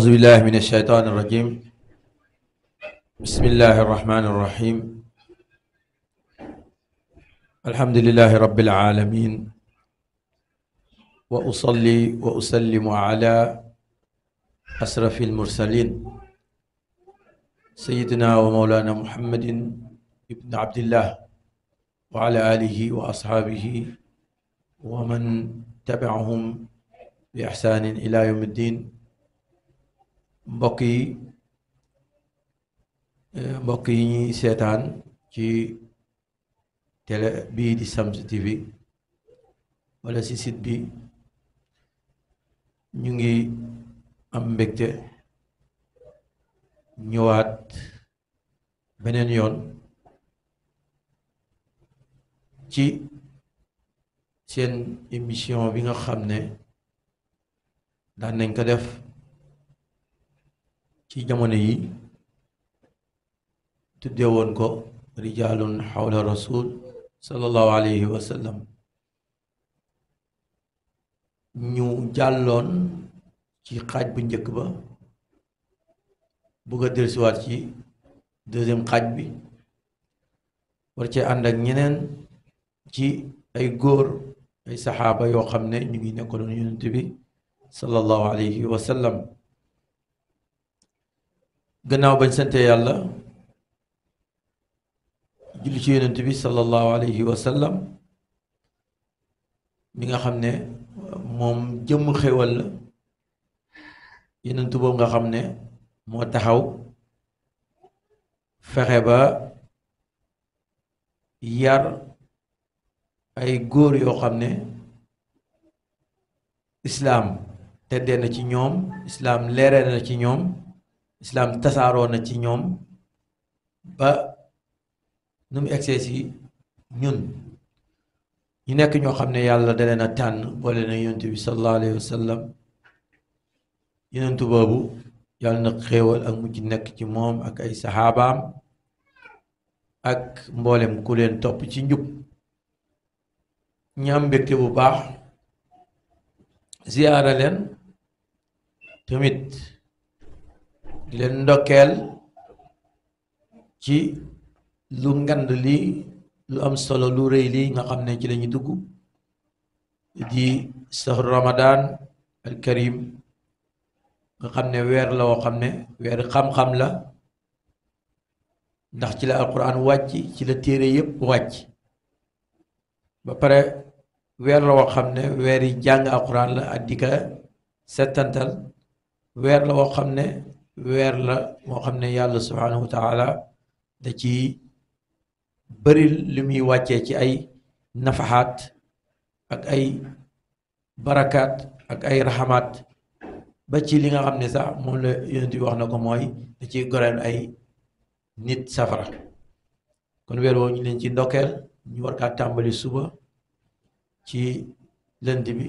أعوذ بالله من الشيطان الرجيم بسم الله الرحمن الرحيم الحمد لله رب العالمين وأصلي وأسلم على أسرف المرسلين سيدنا ومولانا محمد ابن عبد الله وعلى آله وأصحابه ومن تبعهم بإحسان إلى يوم الدين mbokk yi eh, mbokk yi ñuy seetaan ci télé bii di Shamsu TV wala sisit bi ñu ngi am mbégte ñëwaat beneen yoon ci seen émission bi nga xam ne daan nañ ko def ci jamono yi tudde won ko rijalun hawla rasul sallallahu alayhi wa sallam ñu jallon ci xaj bu njëkk ba bu ga del ci wat ci deuxième xaj bi war ci ànd ak ñeneen ci ay góor ay sahaba yo xamne ñu ngi nekkoon yonent bi sallallahu alayhi wa sallam gannaaw bañ sante yàlla julli ci yonent bi sallallahu alayhi wa sallam mi nga xam ne moom jëmm xéwal la yonent boobu nga xam ne moo taxaw fexe ba yar ay góor yoo xam ne islaam teddee na ci ñoom islaam leeree na ci ñoom islaam tasaaroo na ci ñoom ba nu mu egsee si ñun ñu nekk ñoo xam ne yàlla da leen a tànn boole na yonent bi sallallahu alayhi wa sallam boobu yàlla na xéewal ak mujj nekk ci moom ak ay saxaabaam ak mboolem ku leen topp ci njub ñi am bu baax ziyaara tamit di leen ndokkeel ci lu ngand lii lu am solo lu rëy lii nga xam ci lañu dugg di sahru ramadan al karim nga xam wer weer la woo xam ne weer xam-xam la ndax ci la alquran wàcc ci la téere yépp wàcc ba pare la yi alquran la la weer la moo xam ne yàlla subhanahu wa taala da ci bëri li muy wàccee ci ay nafaxaat ak ay barakaat ak ay raxamaat ba ci li nga xam ne sax moom la yonent bi wax na ko mooy da ciy goreen ay nit safara kon weer woo ñu leen ci ndokkeel ñu war kaa tàmbali suba ci lënd bi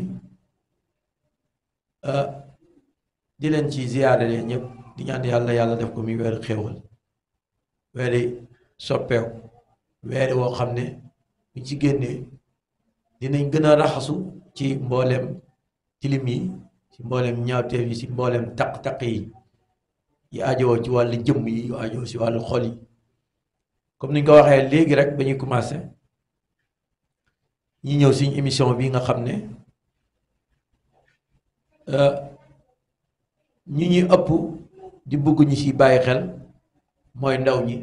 di leen ci ziyaare leen ñëpp di ñaan yàlla yàlla def ko muy weeru xéewal weeri soppeew weeri woo xam ne buñ ci génnee dinañ gën a raxasu ci mbooleem tilim yi ci mbooleem ñaawteef yi ci mbooleem taq-taq yi yi ajowoo ci wàllu jëmm yi yu ajowoo ci wàllu xol yi comme niñ ko waxee léegi rek ba ñuy commencé ñi ñëw suñ émission bi nga xam ne ñi ñuy ëpp di bëgg ñu ci bàyyi xel mooy ndaw ñi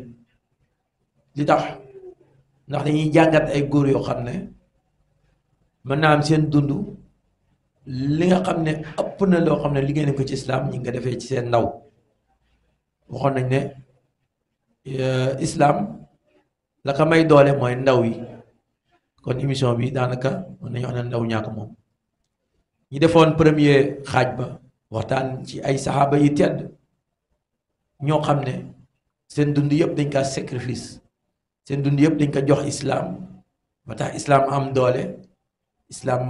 li tax ndax dañuy jàngat ay góor yoo xam ne mën naa am seen dund li nga xam ne ëpp na loo xam ne li nañ ko ci islaam ñi nga defee ci seen ndaw waxoon nañ ne euh, islaam la ka may doole mooy ndaw yi kon émission bi daanaka mën nañu wax ne ndaw ñaa ko moom ñi defoon premier xaaj ba waxtaan ci ay saxaaba yi tedd ñoo xam ne seen dund yëpp dañ kaa sacrifice seen dund yëpp dañ jox islam ba tax islam am doole islam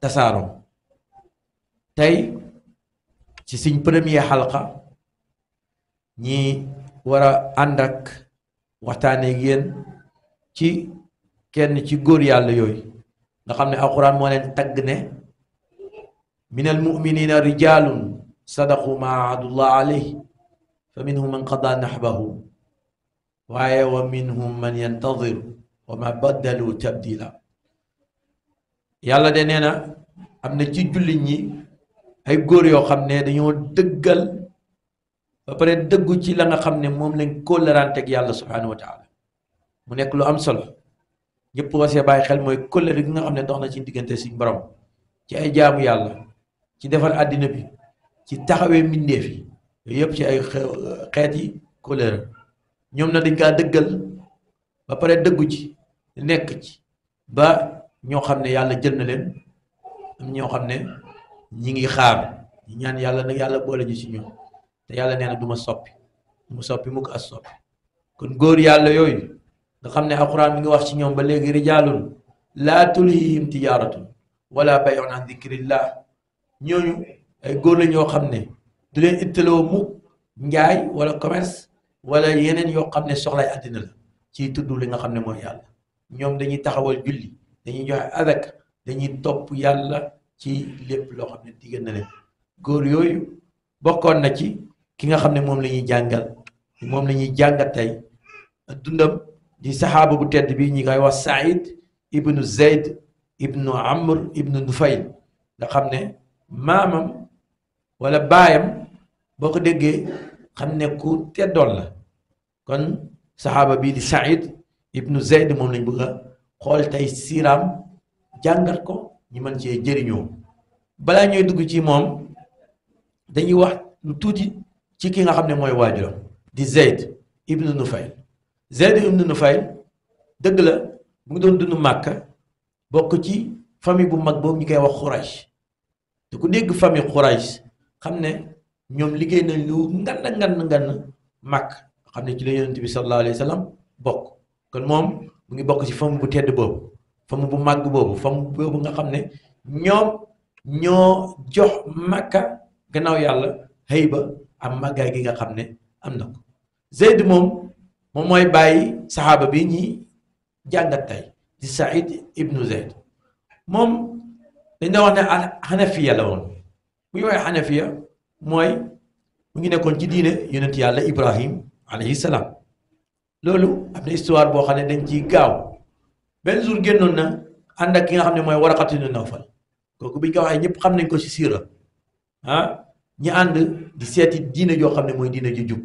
tasaro tey ci suñ premier xalqa ñi wara andak ànd ak waxtaaneeg yéen ci kenn ci nga ne alquran moo tagne, tagg ne min almuminina rijalun sadaqu ma alayhi فمنهم من قضى نحبه ومنهم من ينتظر وما بدلوا تبديلا يالا دي نينا امنا تي جولي ني اي غور يو خامني دانيو دغال با بري دغو تي لاغا خامني موم لين كولرانت اك يالا سبحانه وتعالى مو نيك لو ام سول ييب واسي باي خيل موي كولر ليغا خامني دوخنا سي ديغنتي سي بروم تي اي جامو يالا تي ديفار ادينا بي تي تاخاوي مينديفي yooyu yëpp ci ay xeeti yi ñoom na dañ kaa dëggal ba pare dëggu ci nekk ci ba ñoo xam ne yàlla jël na leen ñoo xam ne ñi ngi xaar ñaan yàlla nag yàlla boole ji ci ñoom te yàlla nee na ma soppi du ma soppi mukk as soppi kon góor yàlla yooyu nga xam ne alxuraan mi ngi wax ci ñoom ba léegi rijaalun laa tulhihim tijaaratun wala bay'un an dikrillah ñooñu ay góor la ñoo xam ne du leen ittaloo mukk njaay wala commerce wala yeneen yoo xam ne soxlay àddina la ci tudd li nga xam ne mooy yàlla ñoom dañuy taxawal julli dañuy joxe adak dañuy topp yàlla ci lépp loo xam ne digal na leen góor yooyu bokkoon na ci ki nga xam ne moom la ñuy jàngal moom la ñuy jàngat tey dundam di saxaaba bu tedd bi ñi koy wax Saïd ibnu Zayd ibnu Amr ibnu Nufayl nga xam ne maamam wala baayam boo ko déggee xam ne ku teddoon la kon saxaaba bii di Saïd ibnu Zayd moom lañ bëgg a xool tey siiraam jàngat ko ñi mën cee jëriñoo balaa ñooy dugg ci moom dañuy wax lu tuuti ci ki nga xam ne mooy waajuram di Zayd ibnu Nufayl Zayd ibnu Nufayl dëgg la mu ngi doon dund Màkka bokk ci famille bu mag boobu ñu koy wax Xuraysh te ku dégg famille Xuraysh xam ne ñoom liggéey nañ lu ngan ngan ngan màkk xam ne ci la yonent bi sallallahu alayhi wa bokk kon moom mu ngi bokk ci famu bu tedd boobu famu bu màgg boobu famu boobu nga xam ne ñoom ñoo jox màkka gannaaw yàlla xëy ba am màggaay gi nga xam ne am na ko Zayd moom moom mooy bàyyi saxaaba bi ñi jàngat tey di ibnu Zayd moom dañ doon wax ne al xanafiya la woon bu ñu waxee xanafiya mooy mu ngi nekkoon ci diine yonent yàlla Ibrahim alayhi salaam loolu am na histoire boo xam ne dañ ci gaaw benn jour génnoon na ànd ak ki nga xam ne mooy Waraqatu ibn Nawfal kooku bi ñu ko waxee ñëpp xam nañ ko ci siira ah ñi ànd di seeti diine joo xam ne mooy diine ju jub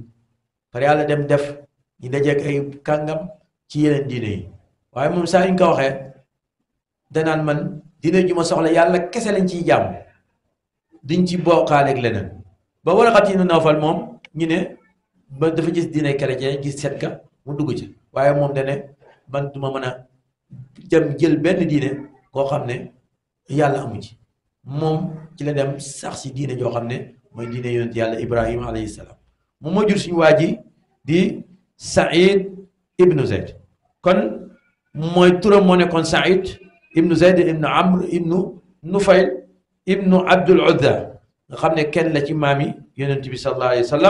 par yàlla dem def ñu dajeeg ay kàngam ci yeneen diine yi waaye moom saa yu ñu ko waxee danaan man diine ju soxla yàlla kese lañ ciy jàmm duñ ci bokkaaleeg leneen. ba waraqati nu nawfal moom ñu ne ba dafa gis diine chrétien gis set ga mu dugg ci waaye moom da ne man duma mën a dem jël benn diine koo xam ne yàlla amu ci moom ci la dem sax si diine joo xam ne mooy diine yonent yàlla ibrahima alayhi salaam moom moo jur suñu waa ji di saïd ibnu zayd kon mooy turam moo nekkoon saïd ibnu zayd ibnu amr ibnu nufayl ibnu abdul uzza nga xam ne kenn la ci maam yi yonent bi sallallahu alayhi wa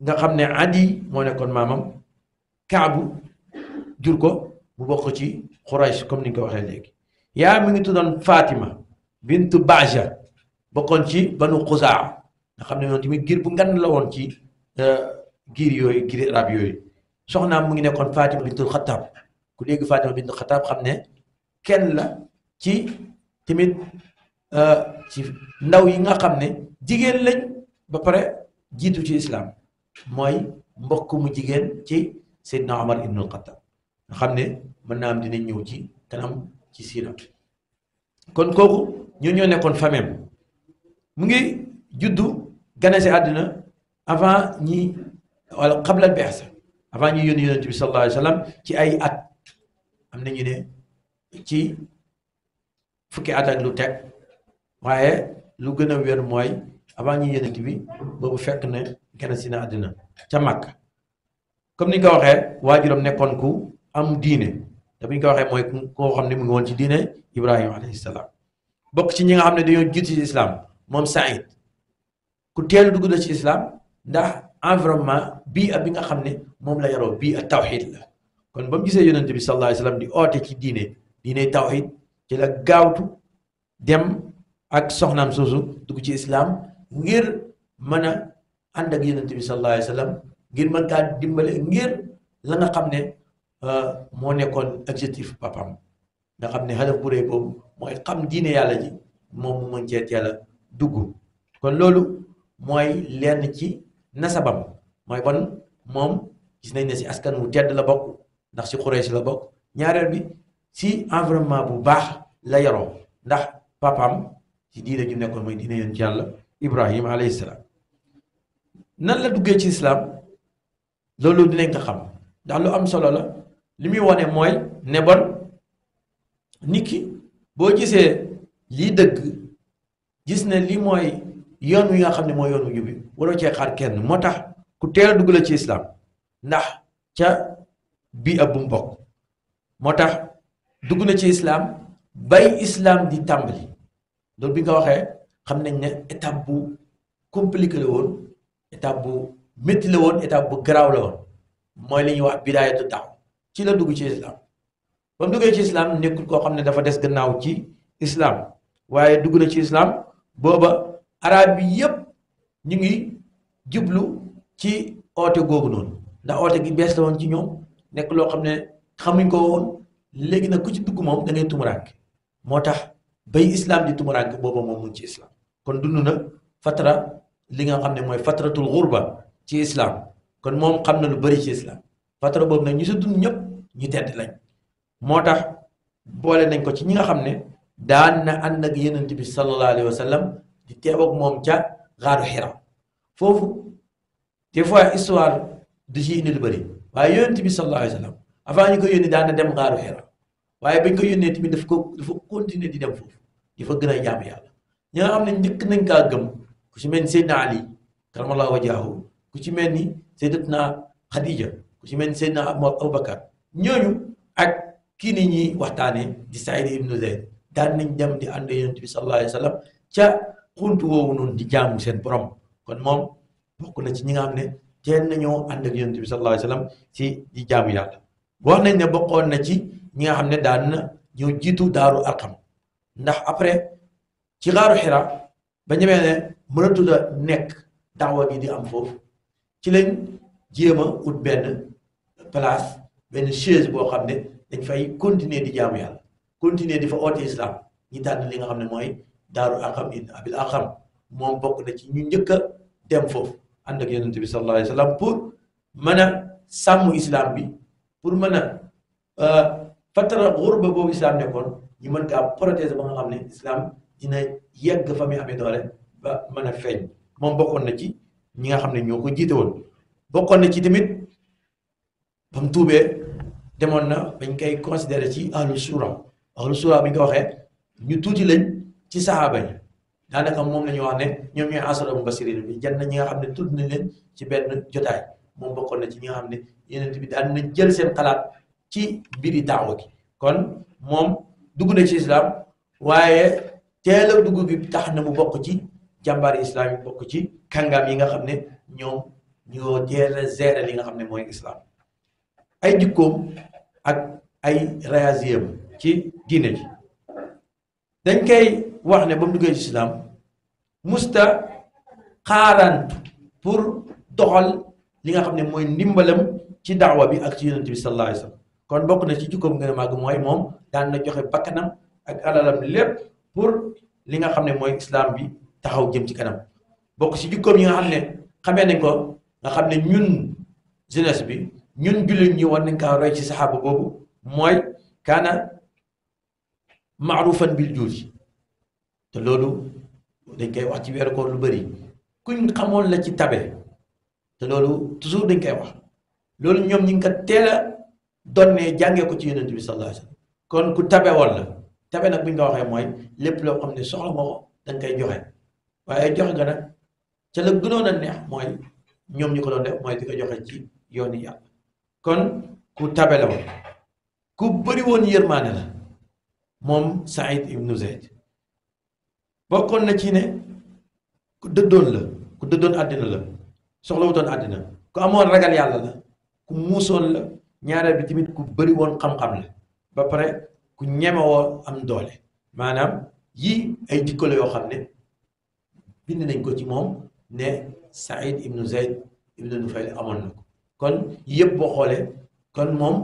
nga xam adi moo nekkoon maamam kaabu jur ko bu bokk ci Quraysh comme ni nga ko waxee léegi mi ngi tuddoon Fatima bintu Baja bokkoon ci banu Xusaa nga xam ne moom tamit giir bu ngan la woon ci giir yooyu giir arab yooyu soxnaam mu ngi nekkoon Fatima bintu Xataab ku dégg Fatima bintu Xataab xam ne kenn la ci tamit Euh, ci ndaw yi nga xam ne jigéen lañ ba pare jiitu ci islam mooy mbokk mu jigéen ci Seydina Omar ibnul Xattaab nga xam ne mën naa am dina ñëw ci kanam ci siira kon kooku ñoo ñoo nekkoon famem mu ngi juddu gane si àddina avant ñi wala xablal beexsa avant ñi yónni yonent bi sallallahu alayhi wa ci ay at am nañu ne ci fukki at ak lu teg waaye lu gën a wér mooy avant ñi yonent bi bu fekk ne gën si na àddina ca màkk comme ni nga ko waxee waajuram nekkoon ku am diine te bu ñu waxee mooy koo xam ne mu ngi woon ci diine Ibrahima alayhi salaam bokk ci ñi nga xam ne dañoo jiitu ci moom Saïd ku teel dugg na ci islam ndax environnement bii ak bi nga xam ne moom la yaroo bii ak tawxid la kon ba mu gisee yonent bi sallallahu alayhi di oote ci diine diine tawxid ci la gaawtu dem. ak soxnam sosu dugg ci islam ngir mana anda ànd ak yonente bi sallallahu alayhi wasallam ngir mën kaa dimbale ngir la nga xam ne eh, moo nekkoon objectif papam nga xam ne hadaf bu rëy boobu mooy xam diine yàlla ji moom mu mën kon lolo mooy lenn ci nasabam mooy bon moom gis nañ ne si askan wu tedd la bokk ndax si xurees la bokk ñaareel bi si environnement bu baax la yaroo ndax papam ci diine ju nekkoon mooy diine yonent yàlla Ibrahim alayhi salaam nan la duggee ci islaam loolu dinañ ko xam ndax lu am solo la li muy wane mooy ne bon nit ki boo gisee lii dëgg gis ne li mooy yoon wi nga xam ne mooy yoon wu jubbi waroo xaar kenn moo tax ku teel a dugg la ci islam ndax ca bii ab bu mu bokk moo tax dugg na ci islaam bay islam di tàmbali. loolu bi nga waxee xam nañ ne étape bu compliqué la woon étape bu métti la woon étape bu garaaw la woon mooy li ñuy wax bidaayatu daaw ci la dugg ci islam ba mu duggee ci islam nekkul koo xam ne dafa des gannaaw ci islam waaye dugg na ci islam booba arab bi yépp ñu ngi jublu ci oote googu noonu ndax oote gi bees la woon ci ñoom nekk loo xam ne xamuñ ko woon léegi nag ku ci dugg moom da ngay moo tax bay islam di tumuraanke booba moom mu ngi ci islam kon dund na fatara li nga xam ne mooy fataratul xurba ci islaam kon moom xam na lu bari ci islam fatra boobu nag ñu sa dund ñëpp ñu tedd lañ moo tax boole nañ ko ci ñi nga xam ne daan na ànd ak yenent bi sallallahu alayhi wa sallam di teew moom ca xaaru xira foofu des fois histoire di ci indi lu bari waaye yenent bi sallallahu alayhi a sallam avant ñu ko yónni daan na dem xaaru xira waaye bañ ko yónnee tamit daf ko dafa di dem foofu di fa gën a jaamu yàlla ñi am xam ne njëkk nañ kaa gëm ku ci mel ni Seydina Ali karamallahu wajhahu ku ci mel ni Seydatna Khadija ku ci mel ni Seydina Abubakar ñooñu ak kii ni ñuy waxtaanee di Saïd ibnu Zayd daan nañ dem di ànd yonent bi sallallahu alayhi wa sallam ca xuntu woowu noonu di jaamu seen borom kon moom bokk na ci ñi nga xam ne teel nañoo ànd ak yonent bi wa sallam ci di jaamu yàlla wax nañ ne bokkoon na ci. ñi nga xam ne daan na ñëw jiitu daaru arqam ndax après ci xaaru xira ba ñemee ne mënatu nekk daawa gi di am foofu ci lañ jéem a ut benn place benn chaise boo xam ne dañ fay continuer di jaamu yàlla continuer di fa oote islam ñi tànn li nga xam ne mooy daaru arqam in abil arqam moom bokk na ci ñu njëkk a dem foofu ànd ak yonent bi sallallahu alayhi wa sallam pour mën a sàmm islam bi pour mën a euh, fattara xurba boobu islam nekkoon ñu man kaa protéger ba nga xam ne islam dina yegg fa muy amee doole ba mën feeñ moom bokkoon na ci ñi nga xam ne ñoo ko jiite woon bokkoon na ci tamit ba mu demoon na bañ koy considéré ci ahlu sura ahlu sura bi ñu waxee ñu tuuti lañ ci saxaaba yi daanaka moom la ñu wax ne ñoom ñooy asara mu basirin bi jël na ñi nga xam ne tudd nañ leen ci benn jotaay moom bokkoon na ci ñi nga xam ne yeneen bi daan na jël seen xalaat ci biri daawa gi kon moom dugg na ci islam waaye teel a dugg bi tax na mu bokk ci jàmbaari islam yi bokk ci kàngaam yi nga xam ne ñoom ñoo teel a gérer li nga xam ne mooy islam ay jikkoom ak ay réasiyam ci diine ji dañ koy wax ne ba mu duggee ci islam musta xaaraantu pour doxal li nga xam ne mooy ndimbalam ci daawa bi ak ci yonent bi sallallahu alayhi wa sallam kon bokk na ci jikkoom nga a màgg mooy moom daan na joxe bakkanam ak alalam lépp pour li nga xam ne mooy islam bi taxaw jëm ci kanam bokk ci jikkoom yi nga xam ne xamee ne ko nga xam ne ñun jeunesse bi ñun jullit ñi war nañ kaa roy ci saxaaba boobu mooy kaana maarufan bil juud te loolu dañ koy wax ci weeru koor lu bari kuñ xamoon la ci tabe te loolu toujours dañ koy wax loolu ñoom ñi nga ko donnee jàngee ko ci yonent bi sallallahu kon ku tabewoon la tabe nag bi ñu ko waxee mooy lépp loo xam ne soxla nga ko da koy joxe waaye joxe nga nag ca la gënoon a neex mooy ñoom ñu ko doon def mooy di ko joxe ci yoonu yàlla kon ku tabe la ku bëri woon yërmaane la moom Saïd ibnu Zayd bokkoon na ci ne ku dëddoon la ku dëddoon àddina la soxlawutoon àddina ku amoon ragal yàlla la ku muusoon la ñaareel bi tamit ku bari woon xamxam la ba pare ku ñeme am doole maanaam yii ay jikko la yoo xam ne bind nañ ko ci moom ne Saïd ibnu Zayd ibnu Nufayl amoon na ko kon yëpp boo xoolee kon moom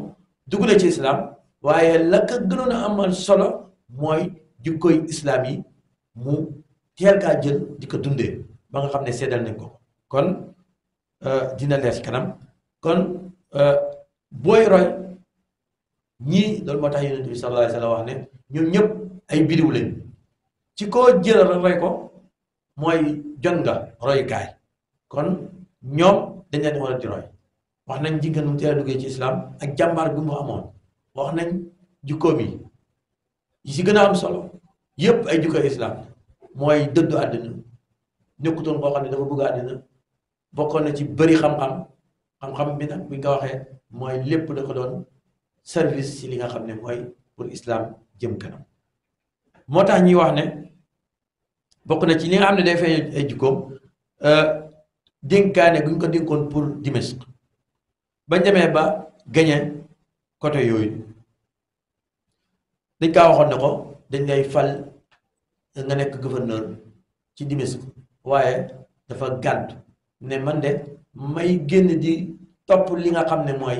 dugg na ci islam waaye la ka gënoon amal solo mooy jikkoy islam yi mu teel kaa jël di ko dundee ba nga xam ne seddal nañ ko kon euh, dina leer ci kanam kon. Euh, booy roy ñii loolu moo tax yonent bi sallallahu alayhi wax ne ñoom ñëpp ay bidiw lañ ci koo jëlal roy ko mooy jot nga roy kon ñoom dañ leen war di roy wax nañ jigéen mu teel a ci islam ak jàmbaar bi mu amoon wax nañ jikkoom yi yi si gën a am solo yëpp ay jikko islam mooy dëddu àddina nekkutoon koo xam ne dafa bëgg àddina bokkoon na ci bëri xam-xam xam-xam bi nag buñ ko waxee mooy lépp da ko doon service ci li nga xam ne mooy pour islam jëm kanam moo tax ñuy wax ne bokk na ci li nga am ne day feeñ ay jikkoom euh, dénkaane guñ ko dénkoon pour Dimashq ba demee ba gañe côté yooyu dañ kaa waxoon ne ko dañ lay fal nga nekk gouverneur ci Dimashq waaye dafa gàdd ne man de may génn di topp li nga xam ne mooy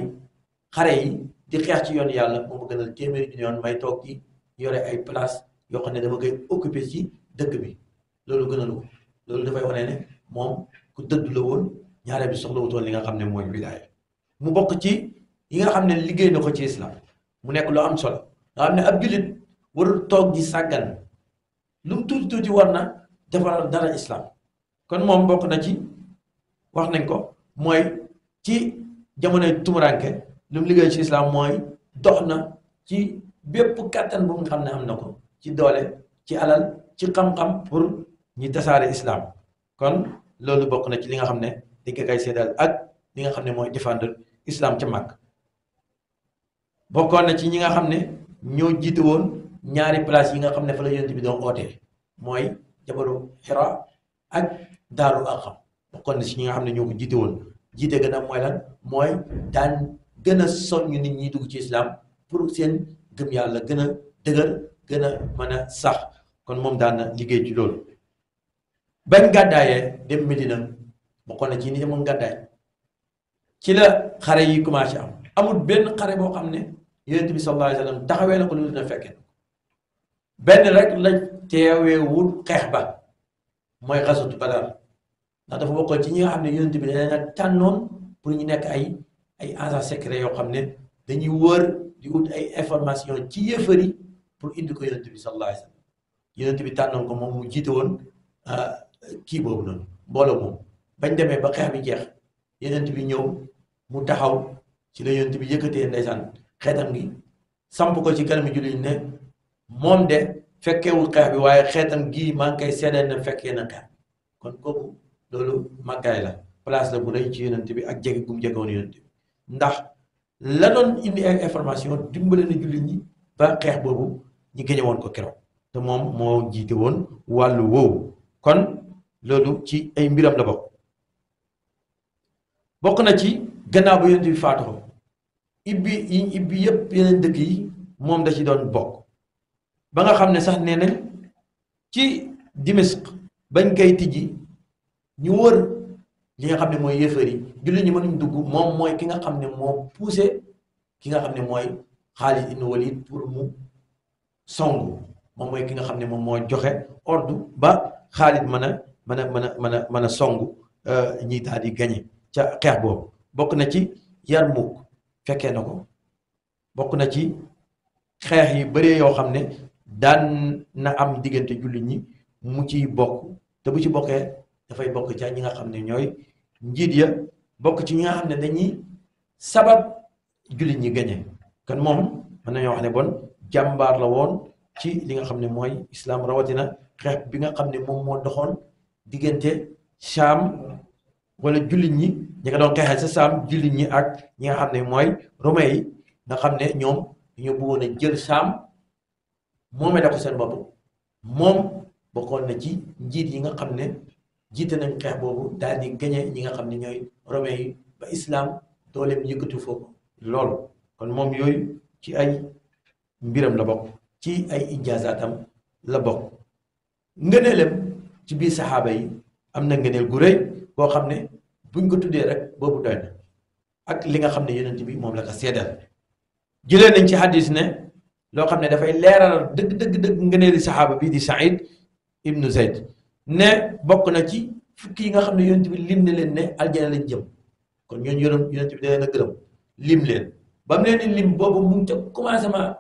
xare yi di xeex ci yoon yàlla moo ma gënal téeméeri junni yoon may toog ci yore ay place yoo xam ne dama koy occupé ci dëkk bi loolu gënalu ko loolu dafay wane ne moom ku dëdd la woon ñaare bi soxla wutoon li nga xam ne mooy wilaaya mu bokk ci yi nga xam ne liggéey na ko ci islam mu nekk lu am solo nga ne ab jullit warul toog di sàggan lu mu tuuti tuuti war na defar dara islam kon moom bokk na ci wax nañ ko mooy ci jamonoy tumuranke lu mu liggéey ci islam mooy dox na ci bépp kàttan bu nga xam ne am na ko ci doole ci alal ci xam-xam pour ñi tasaare islam kon loolu bokk na ci li nga xam ne dañ ko kay ak li nga xam ne mooy défendre islam ca mag bokkoon na ci ñi nga xam ne ñoo jiite woon ñaari place yi nga xam ne fa la yonent bi doon ootee mooy jabalu Hira ak daaru Arqam kon si ñi nga xam ne ñoo ko jiite woon jiite gën a mooy lan mooy daan gën a soññ nit ñi dugg ci islam pour seen gëm yàlla gën a dëgër gën a mën a sax kon moom daan na liggéey ci loolu bañ gàddaayee dem Medina bokkoon na ci ni demoon gàddaay ci la xare yi commencé am amul benn xare boo xam ne yonent bi sallallahu alayhi taxawee na ko lu dina fekke benn rek la teewee wul xeex ba mooy xasatu Badar ndax dafa bokkoon ci ñi nga xam ne yonent bi nee na tànnoon pour ñu nekk ay ay agents secrets yoo xam ne dañuy wër di ut ay information ci yëfër pour indi ko yonent bi sallallahu alayhi wa sallam bi tànnoon moom mu woon ah, kii boobu noonu mbooloo moom bañ demee ba xeex bi jeex yonent bi ñëw mu taxaw ci la yonent bi yëkkatee ndeysaan xeetam gi samp ko ci kanamu jullit ne moom de fekkewul xeex bi waaye xeetam gii maa ngi koy seedeel na fekkee na xeex kon kooku loolu màggaay la place la bu rëy ci yonent bi ak jege gum jegoon yonent bi ndax la doon indi ay information dimbale na jullit ñi ba xeex boobu ñu gëñe woon ko keroog te moom moo jiite woon wàllu woowu kon loolu ci ay mbiram la bokk bokk na ci gannaaw ba yonent bi faatoo ibbi yi ibbi yépp yeneen dëkk yi moom da ci doon bokk ba nga xam ne sax nee nañ ci Dimisq bañ koy tijji ñu wër li nga xam ne mooy yéefar yi jullit ñi dugg moom mooy ki nga xam ne moo poussé ki nga xam ne mooy Xaalid ibn Walid pour mu songu moom mooy ki nga xam ne moom moo joxe ordre ba Xaalid mën a mën a mën a mën a mën a songu euh, ñi daal di gañe ca xeex boobu bokk na ci Yarmuk fekkee na ko bokk na ci xeex yi bëree yoo xam ne daan na am diggante julli ñi mu ciy bokk te bu ci bokkee dafay bokk ca ñi nga xam ne ñooy njiit ya bokk ci ñi nga xam ne dañuy sabab jullit ñi gañe kon moom na nañoo wax ne bon jàmbaar la woon ci li nga xam ne mooy islaam rawatina xeex bi nga xam ne moom moo doxoon diggante saam wala jullit ñi ñi nga sa saam jullit ñi ak ñi nga mooy romain yi nga xam ne ñoom ñu bëggoon a jël saam moomee da ko seen bopp moom bokkoon na ci njiit yi nga xam ne jiite nañ xeex boobu daal di gañe ñi nga xam ne ñooy romain yi ba islam dooleem yëkkatu foofu lool kon moom yooyu ci ay mbiram la bokk ci ay ijazaatam la bokk ngëneelam ci biir saxaaba yi am na ngëneel gu rëy boo xam ne buñ ko tuddee rek boobu doy na ak li nga xam ne yonent bi moom la ko seedal jëlee nañ ci hadis ne loo xam ne dafay leeral dëgg dëgg dëgg ngëneeli saxaaba bii di Saïd ibnu Zayd ne bokk na ci fukki yi nga xam ne yonent bi lim ne leen ne aljana lañ jëm kon ñooñu yoroon yonent bi da leen gërëm lim leen ba mu leen lim boobu mu ngi ca commencement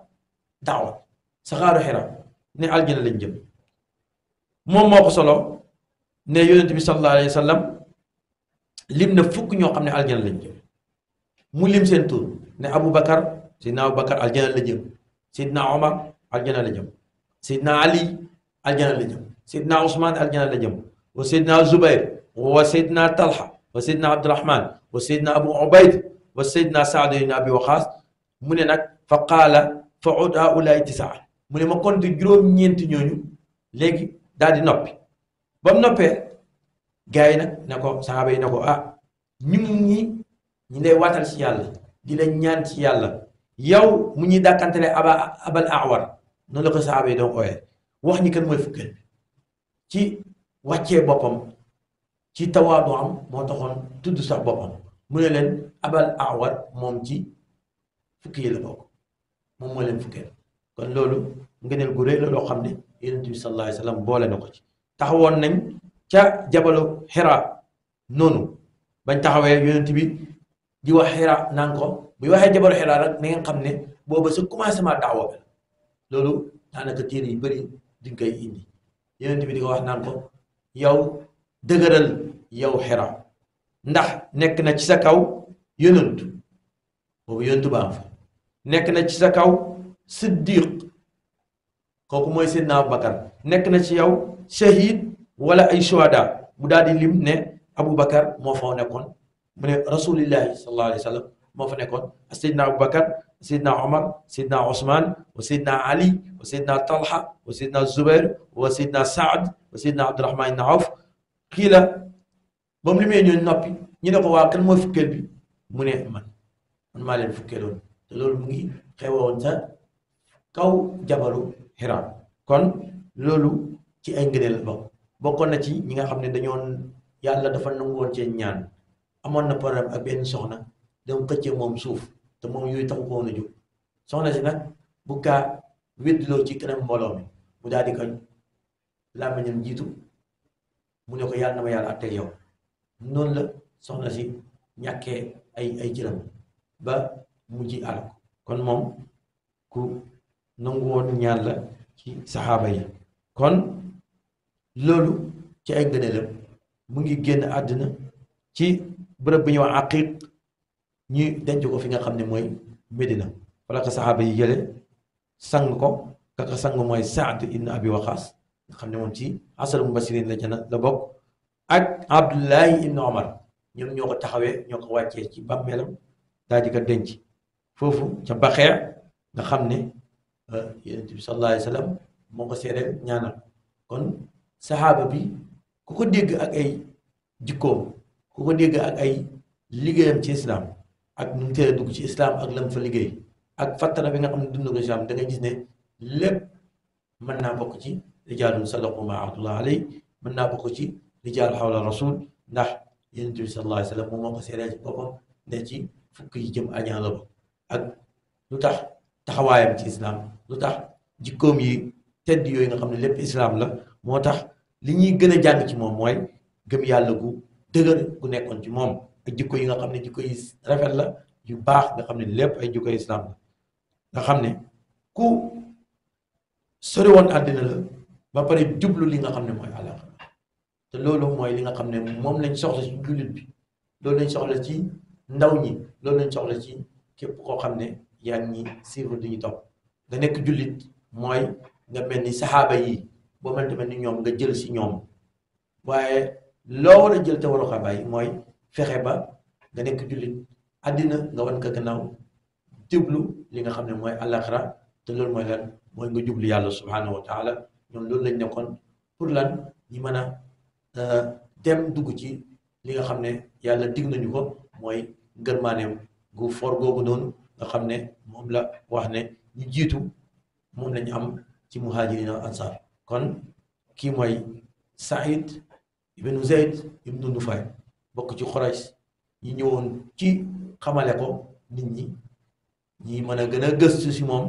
daaw saxaaru xira ne aljana lañ jëm moom solo ne yonent bi sallallahu alayhi wa sallam lim ñoo xam ne aljana lañ mu lim seen tur ne Abu Bakar Seydina Abu Bakar aljana la jëm Seydina Omar aljana la jëm Seydina Ali aljana la jëm. سيدنا عثمان الجنة لجم وسيدنا الزبير وسيدنا طلحة وسيدنا عبد الرحمن وسيدنا أبو عبيد وسيدنا سعد بن أبي وقاص من هناك فقال فعد هؤلاء تسعة من ما كنت جروم نينت نيونيو لكي دادي نوبي بام نوبي جاينا نكو ne نكو آ نيني نيني ko ah ñun ñi ñu lay مني دا yàlla di أبا الأعور ci yàlla yow mu وحني dàkkantale aba abal awar ci wàccee boppam ci tawaadu am moo taxoon tudd sax boppam mu ne leen abal awar moom ci fukki yi la bokk moom moo leen fukkeel kon loolu ngëneel gu rëy la loo xam ne yonent bi sallallahu alayhi boole na ko ci taxawoon nañ ca jabalu xira noonu bañ taxawee yonent bi di wax xira naan ko bu waxee jabalu xira rek na ngeen xam ne booba sa commencement daawa loolu daanaka téere yu bëri duñ koy indi yonent bi di ko wax naan ko yow dëgëral yow xira ndax nekk na ci sa kaw yonent boobu yonent baa fa nekk na ci sa kaw siddiq kooku mooy Seydina Abubakar nekk na ci yow shahid wala ay shuhada bu daal di lim ne Abubakar moo fa nekkoon mu ne rasulillahi sallallahu alayhi moo fa nekkoon Seydina Abubakar سيدنا عمر سيدنا عثمان وسيدنا علي وسيدنا طلحة وسيدنا الزبير وسيدنا سعد وسيدنا عبد الرحمن بن عوف كلا بام لي مينيو نوبي ني نكو وا كان مو فكل بي مو نه مان man maa leen fukkeeloon te loolu mu ngi xewoon sa kaw jabalu Hira kon loolu ci ay ngëneel ba bokkoon na ci ñi nga xam ne dañoon yàlla dafa nangu woon seen ñaan amoon na problème ak benn soxna dem xëccee moom suuf te moom yooyu taxu ko woon a jóg soxna si nag bu kaa wéddloo ci kanam mbooloo mi mu daal di ko làmmiñam jiitu mu ne ko yàlla na ma yàlla àtteel yow noonu la soxna si ñàkkee ay ay jiram ba mujj àll kon mom ku nangu woon ñaan la ci saxaaba yi kon loolu ci ay gëneelam mu ngi génn àddina ci bërëb bi ñuy wax aqiq ñi denc ko fi nga xam ne mooy Medina wala ka saxaaba yi jële sang ko kaka sang mooy Saad ibn Abi Waqas nga xam ne moom ci asal mubashirin la jana la bokk ak Abdullahi ibn Omar ñoom ñoo ko taxawee ñoo ko wàccee ci bàmmeelam daal di ko denc foofu ca baxee nga xam ne euh, yonent bi moo ko seereel ñaanal kon saxaaba bi ku ko dégg ak ay jikkoom ku ko dégg ak ay liggéeyam ci islam ak nu mu dugg ci islam ak lan fa liggéey ak fattara bi nga xam ne dund ko islam da gis ne lépp mën naa bokk ci rijaalun sadaqu ma ahdullah alay mën naa bokk ci rijaal xawla rasul ndax yonent bi sallallahu wa sallam moom moo ko seeree ci boppam yi jëm añaa la tax taxawaayam ci islam lu tax jikkoom yi tedd yooyu nga xam ne lépp islam la moo tax li ñuy gën a jàng ci moom mooy gëm yàlla gu dëgër gu nekkoon ci moom ak jikko yi nga xam ne jikko yi rafet la yu baax nga xam ne lépp ay jikko islam la nga xam ne ku sori woon àddina la ba pare jublu li nga xam ne mooy te loolu mooy li nga xam ne moom lañ soxla ci jullit bi loolu lañ soxla ci ndaw ñi loolu lañ soxla ci képp koo xam ne yaa ñi suivre di ñu topp nga nekk jullit mooy nga mel ni saxaaba yi boo mel tamit ni ñoom nga jël si ñoom waaye loo war a jël te waroo ko bàyyi mooy fexe ba nga nekk jullit àddina nga wan ko gannaaw jublu li nga xam ne mooy alaxira te loolu mooy lan mooy nga jublu yàlla subhanahu wa taala ñoom loolu lañ nekkoon pour lan ñi mën a euh, dem dugg ci li nga xam ne yàlla dig nañu ko mooy ngërmaaneem gu for googu noonu nga xam ne moom la wax ne ñi jiitu moom lañ am ci muhaajirina ansar kon kii mooy Saïd ibnu Zayd ibnu Nufay bokk ci xorays ñi ñëwoon ci xamale ko nit ñi ñi mën a gën a gëstu ci moom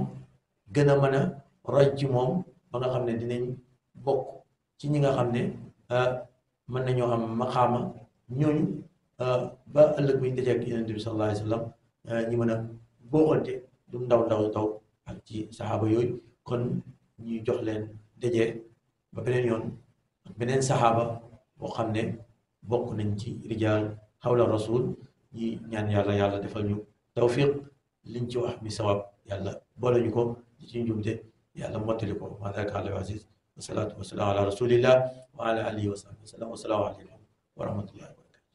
gën a mën a roy ci moom ba nga xam ne dinañ bokk ci ñi nga xam ne euh, mën nañoo am maqaama ñooñ euh, ba ëllëg buñ dajee ak yonent bi sallallahu euh, ñi mën a booxante du ndaw ndaw ndaw ak ci saxaaba yooyu kon ñuy jox leen dajee ba beneen yoon beneen saxaaba boo xam ne bokk nañ ci rijaal xawla rasul yi ñaan yàlla yàlla defal ñu tawfiq liñ ci wax mi sawab yàlla boole ñu ko li ci njumte yàlla mottali ko wa dalika àla aziz wa wasalaamu ala rasulillah wa ala alihi wa sahbi wa wasalaamu aleykum wa rahmatullahi wa barakatu